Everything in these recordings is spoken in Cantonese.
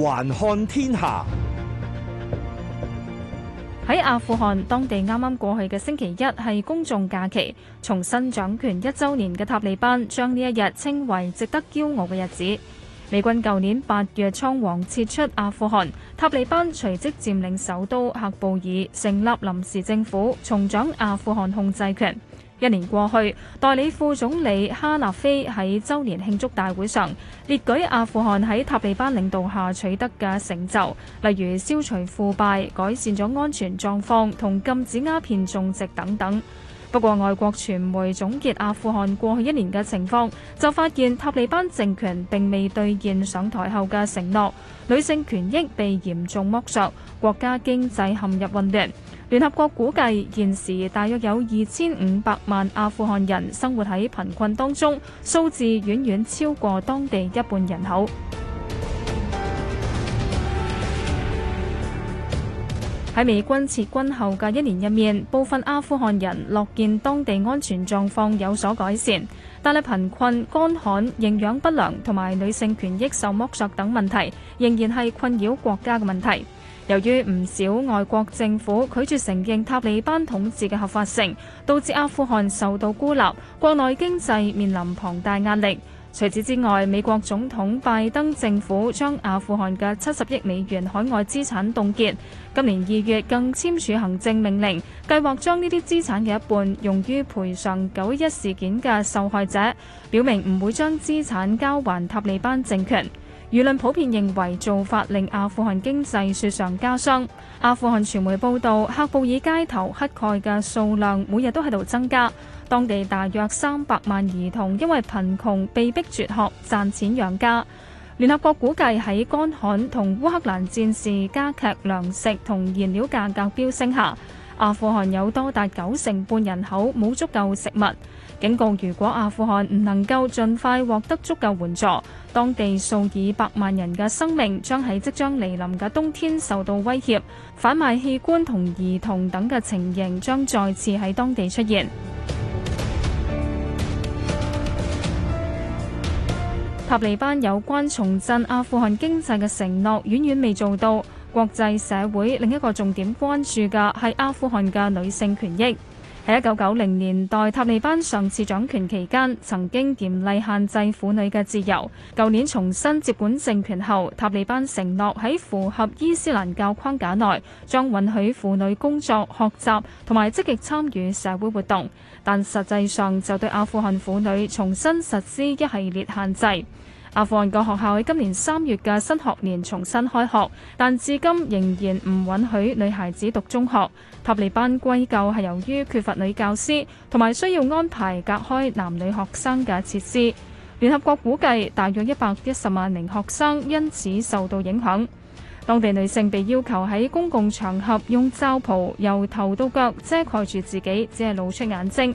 環看天下，喺阿富汗，當地啱啱過去嘅星期一係公眾假期，重新掌權一週年嘅塔利班將呢一日稱為值得驕傲嘅日子。美軍舊年八月倉皇撤出阿富汗，塔利班隨即佔領首都喀布爾，成立臨時政府，重掌阿富汗控制權。一年過去，代理副總理哈納菲喺周年慶祝大會上列舉阿富汗喺塔利班領導下取得嘅成就，例如消除腐敗、改善咗安全狀況同禁止鴉片種植等等。不過，外國傳媒總結阿富汗過去一年嘅情況，就發現塔利班政權並未兌現上台後嘅承諾，女性權益被嚴重剝削，國家經濟陷入混亂。聯合國估計，現時大約有二千五百萬阿富汗人生活喺貧困當中，數字遠遠超過當地一半人口。喺美軍撤軍後嘅一年入面，部分阿富汗人樂見當地安全狀況有所改善，但係貧困、乾旱、營養不良同埋女性權益受剝削等問題，仍然係困擾國家嘅問題。由於唔少外國政府拒絕承認塔利班統治嘅合法性，導致阿富汗受到孤立，國內經濟面臨龐大壓力。除此之外，美國總統拜登政府將阿富汗嘅七十億美元海外資產凍結，今年二月更簽署行政命令，計劃將呢啲資產嘅一半用於賠償九一事件嘅受害者，表明唔會將資產交還塔利班政權。輿論普遍認為做法令阿富汗經濟雪上加霜。阿富汗傳媒報道，喀布爾街頭乞丐嘅數量每日都喺度增加。當地大約三百萬兒童因為貧窮被逼輟學，賺錢養家。聯合國估計喺乾旱同烏克蘭戰事加劇，糧食同燃料價格飆升下，阿富汗有多達九成半人口冇足夠食物，警告如果阿富汗唔能夠盡快獲得足夠援助，當地數以百萬人嘅生命將喺即將嚟臨嘅冬天受到威脅。販賣器官同兒童等嘅情形將再次喺當地出現。塔利班有關重振阿富汗經濟嘅承諾，遠遠未做到。國際社會另一個重點關注嘅係阿富汗嘅女性權益。喺一九九零年代塔利班上次掌權期間，曾經嚴厲限制婦女嘅自由。舊年重新接管政權後，塔利班承諾喺符合伊斯蘭教框架內，將允許婦女工作、學習同埋積極參與社會活動。但實際上就對阿富汗婦女重新實施一系列限制。阿富汗各學校喺今年三月嘅新學年重新開學，但至今仍然唔允許女孩子讀中學。塔利班歸咎係由於缺乏女教師，同埋需要安排隔開男女學生嘅設施。聯合國估計大約一百一十萬名學生因此受到影響。當地女性被要求喺公共場合用罩袍由頭到腳遮蓋住自己，只係露出眼睛。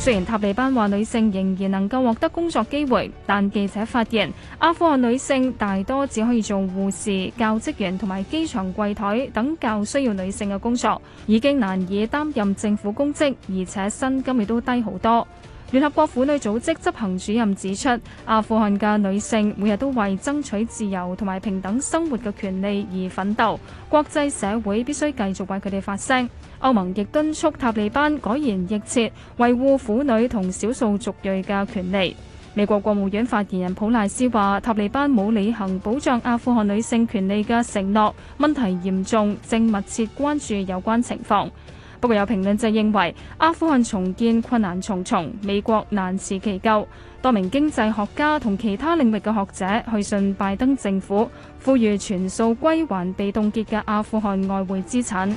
雖然塔利班話女性仍然能夠獲得工作機會，但記者發現，阿富汗女性大多只可以做護士、教職員同埋機場櫃台等較需要女性嘅工作，已經難以擔任政府公職，而且薪金亦都低好多。聯合國婦女組織執行主任指出，阿富汗嘅女性每日都為爭取自由同埋平等生活嘅權利而奮鬥，國際社會必須繼續為佢哋發聲。歐盟亦敦促塔利班改弦易轍，維護婦女同少數族裔嘅權利。美國國務院發言人普賴斯話：塔利班冇履行保障阿富汗女性權利嘅承諾，問題嚴重，正密切關注有關情況。不過有評論就認為阿富汗重建困難重重，美國難辭其咎。多名經濟學家同其他領域嘅學者去信拜登政府，呼籲全數歸還被凍結嘅阿富汗外匯資產。